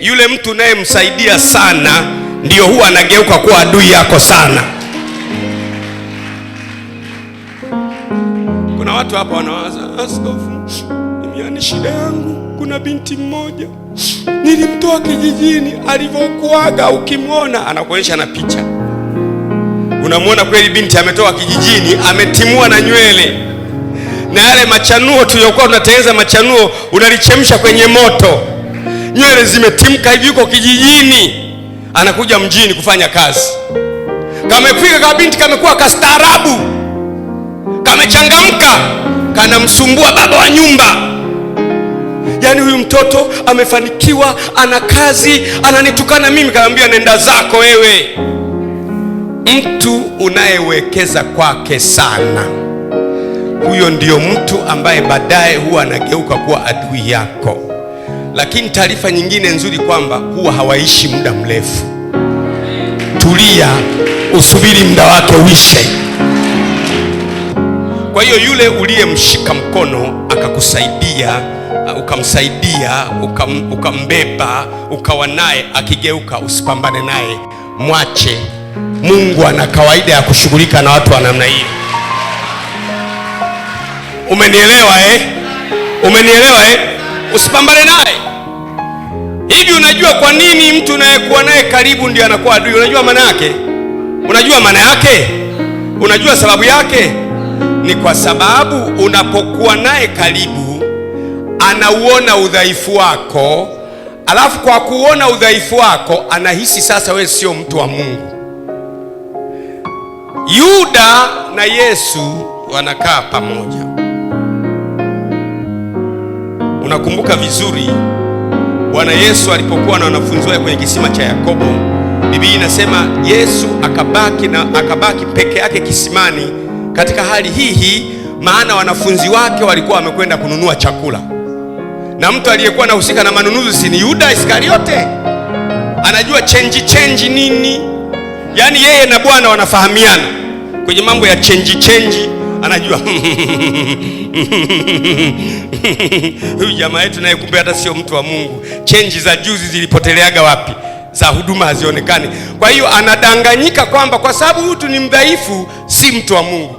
Yule mtu unayemsaidia sana ndiyo huwa anageuka kuwa adui yako sana. Kuna watu hapa wanawaza, askofu, imiani shida yangu, kuna binti mmoja nilimtoa kijijini, alivyokuaga ukimwona anakuonyesha na picha, unamwona kweli binti ametoka kijijini, ametimua na nywele na yale machanuo tuliyokuwa tunatengeneza machanuo, unalichemsha kwenye moto nywele zimetimka hivi, yuko kijijini, anakuja mjini kufanya kazi, kamefika kabinti, kamekuwa kastaarabu, kamechangamka, kanamsumbua baba wa nyumba. Yaani huyu mtoto amefanikiwa, ana kazi, ananitukana mimi. Kaambia nenda zako wewe. Mtu unayewekeza kwake sana, huyo ndiyo mtu ambaye baadaye huwa anageuka kuwa adui yako. Lakini taarifa nyingine nzuri kwamba huwa hawaishi muda mrefu. Tulia, usubiri muda wake uishe. Kwa hiyo yule uliyemshika mkono akakusaidia, uh, ukamsaidia, ukam, ukambeba, ukawa naye, akigeuka usipambane naye, mwache. Mungu ana kawaida ya kushughulika na watu wa namna hiyo. Umenielewa eh? Umenielewa eh? Usipambane naye. Hivi unajua kwa nini mtu unayekuwa naye karibu ndio anakuwa adui? Unajua maana yake? Unajua maana yake? Unajua sababu yake? Ni kwa sababu unapokuwa naye karibu, anauona udhaifu wako, alafu kwa kuona udhaifu wako anahisi sasa wewe sio mtu wa Mungu. Yuda na Yesu wanakaa pamoja, unakumbuka vizuri Bwana Yesu alipokuwa na wanafunzi wake kwenye kisima cha Yakobo, Biblia inasema Yesu akabaki na akabaki peke yake kisimani katika hali hii hii, maana wanafunzi wake walikuwa wamekwenda kununua chakula, na mtu aliyekuwa anahusika na manunuzi si ni Yuda Iskariote? Anajua chenji chenji nini, yaani yeye na Bwana wanafahamiana kwenye mambo ya chenji chenji anajua huyu jamaa yetu naye kumbe hata sio mtu wa Mungu. Chenji za juzi zilipoteleaga wapi? Za huduma hazionekani. Kwa hiyo anadanganyika kwamba kwa sababu huyu ni mdhaifu, si mtu wa Mungu.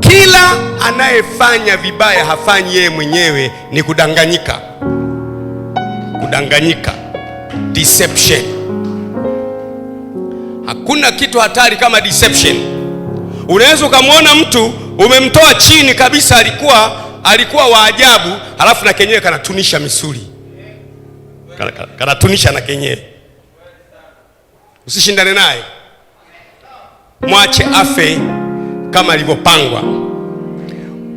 Kila anayefanya vibaya hafanyi yeye mwenyewe, ni kudanganyika, kudanganyika, deception. Hakuna kitu hatari kama deception. Unaweza ukamwona mtu umemtoa chini kabisa, alikuwa alikuwa wa ajabu, halafu na kenyewe kanatunisha misuli, kanatunisha na kenyewe. Usishindane naye, mwache afe kama alivyopangwa.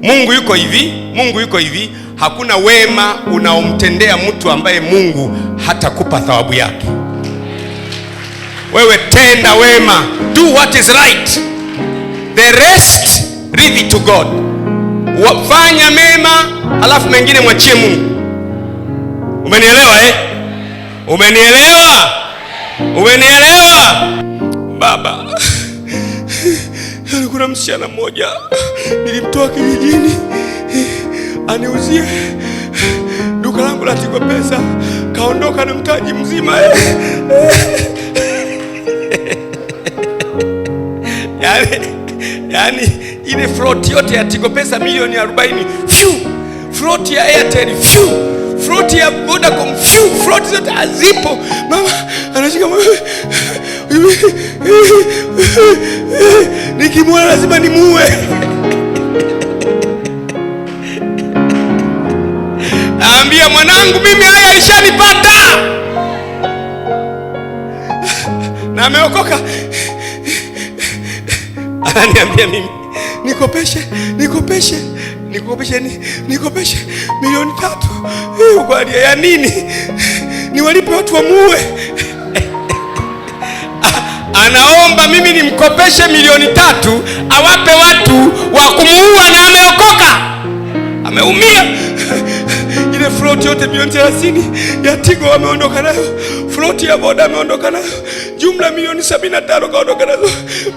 Mungu yuko hivi, Mungu yuko hivi. Hakuna wema unaomtendea mtu ambaye Mungu hatakupa thawabu yake. Wewe tenda wema, do what is right, the rest Breathe it to God. Wafanya mema halafu mengine mwachie Mungu. Umenielewa eh? Umenielewa? Umenielewa? Baba, yaani kuna msichana mmoja nilimtoa kijijini aniuzie duka langu la Tigo Pesa, kaondoka na mtaji mzima eh? yani, yani ile float yote ya Tigo Pesa milioni 40, fyu float ya Airtel, fyu float ya Vodacom, fyu float zote hazipo. Mama anashika nikimwona lazima nimuue. Ambia mwanangu, mimi haya ishanipata na ameokoka, ananiambia mimi nikopeshe, nikopeshe, nikopeshe, nikopeshe milioni tatu. hiyo kwa ajili ya nini? Niwalipe watu wamuue? Anaomba mimi nimkopeshe milioni tatu awape watu wa kumuua, na ameokoka, ameumia Float yote milioni 30 ya Tigo wameondoka nayo, float ya boda ameondoka nayo, jumla milioni 75 kaondoka nazo.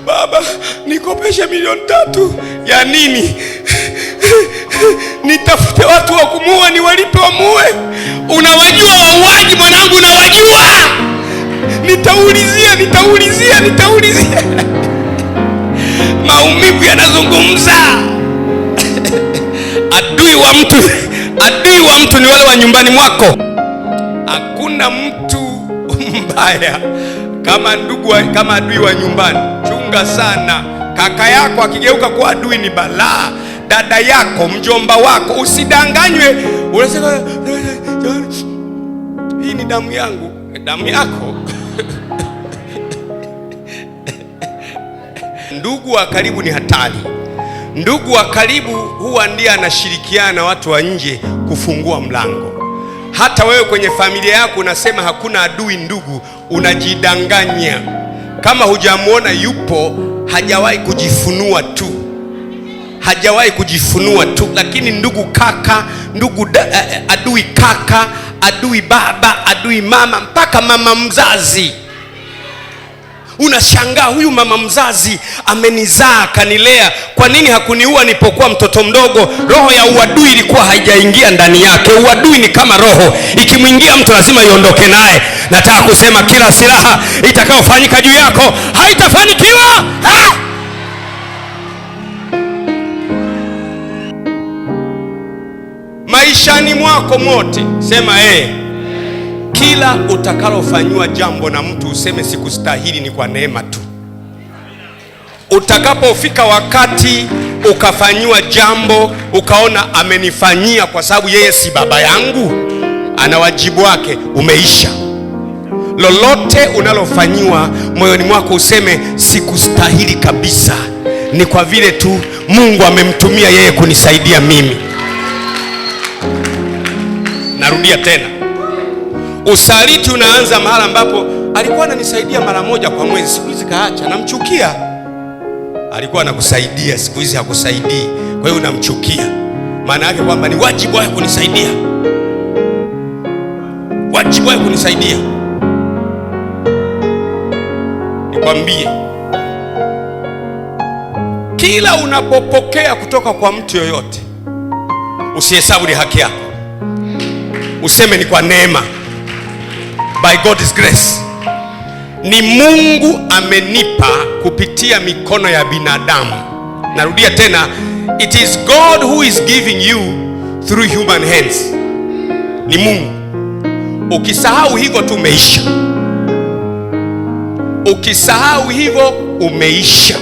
Baba, nikopeshe milioni tatu ya nini? Nitafute watu wa kumuua, niwalipe wamuue. Unawajua wauaji mwanangu, unawajua. Nitaulizia, nitaulizia, nitaulizia. Maumivu yanazungumza. Adui wa mtu Adui wa mtu ni wale wa nyumbani mwako. Hakuna mtu mbaya kama ndugu kama adui wa nyumbani. Chunga sana. Kaka yako akigeuka kuwa adui ni balaa. Dada yako, mjomba wako, usidanganywe. Unasema eh, eh, eh, hii ni damu yangu. Damu yako ndugu wa karibu ni hatari. Ndugu wa karibu huwa ndiye anashirikiana na watu wa nje kufungua mlango. Hata wewe kwenye familia yako unasema hakuna adui ndugu, unajidanganya. Kama hujamwona yupo, hajawahi kujifunua tu, hajawahi kujifunua tu. Lakini ndugu kaka, ndugu da, eh, eh, adui kaka, adui baba, adui mama, mpaka mama mzazi Unashangaa, huyu mama mzazi amenizaa akanilea, kwa nini hakuniua nipokuwa mtoto mdogo? Roho ya uadui ilikuwa haijaingia ndani yake. Uadui ni kama roho, ikimwingia mtu lazima iondoke naye. Nataka kusema kila silaha itakayofanyika juu yako haitafanikiwa ha! maishani mwako mote, sema hey. Eh. Kila utakalofanyiwa jambo na mtu useme sikustahili, ni kwa neema tu. Utakapofika wakati ukafanyiwa jambo ukaona amenifanyia kwa sababu yeye si baba yangu, ana wajibu wake, umeisha. Lolote unalofanyiwa moyoni mwako useme sikustahili kabisa, ni kwa vile tu Mungu amemtumia yeye kunisaidia mimi. Narudia tena. Usaliti unaanza mahala ambapo alikuwa ananisaidia mara moja kwa mwezi, siku hizi kaacha, namchukia. Alikuwa anakusaidia, siku hizi hakusaidii, kwa hiyo unamchukia. Maana yake kwamba ni wajibu wake kunisaidia, wajibu wake kunisaidia. Nikwambie, kila unapopokea kutoka kwa mtu yoyote, usihesabu ni haki yako, useme ni kwa neema by God's grace ni Mungu amenipa kupitia mikono ya binadamu. Narudia tena, it is God who is giving you through human hands. Ni Mungu. Ukisahau hivyo tu umeisha, ukisahau hivyo umeisha.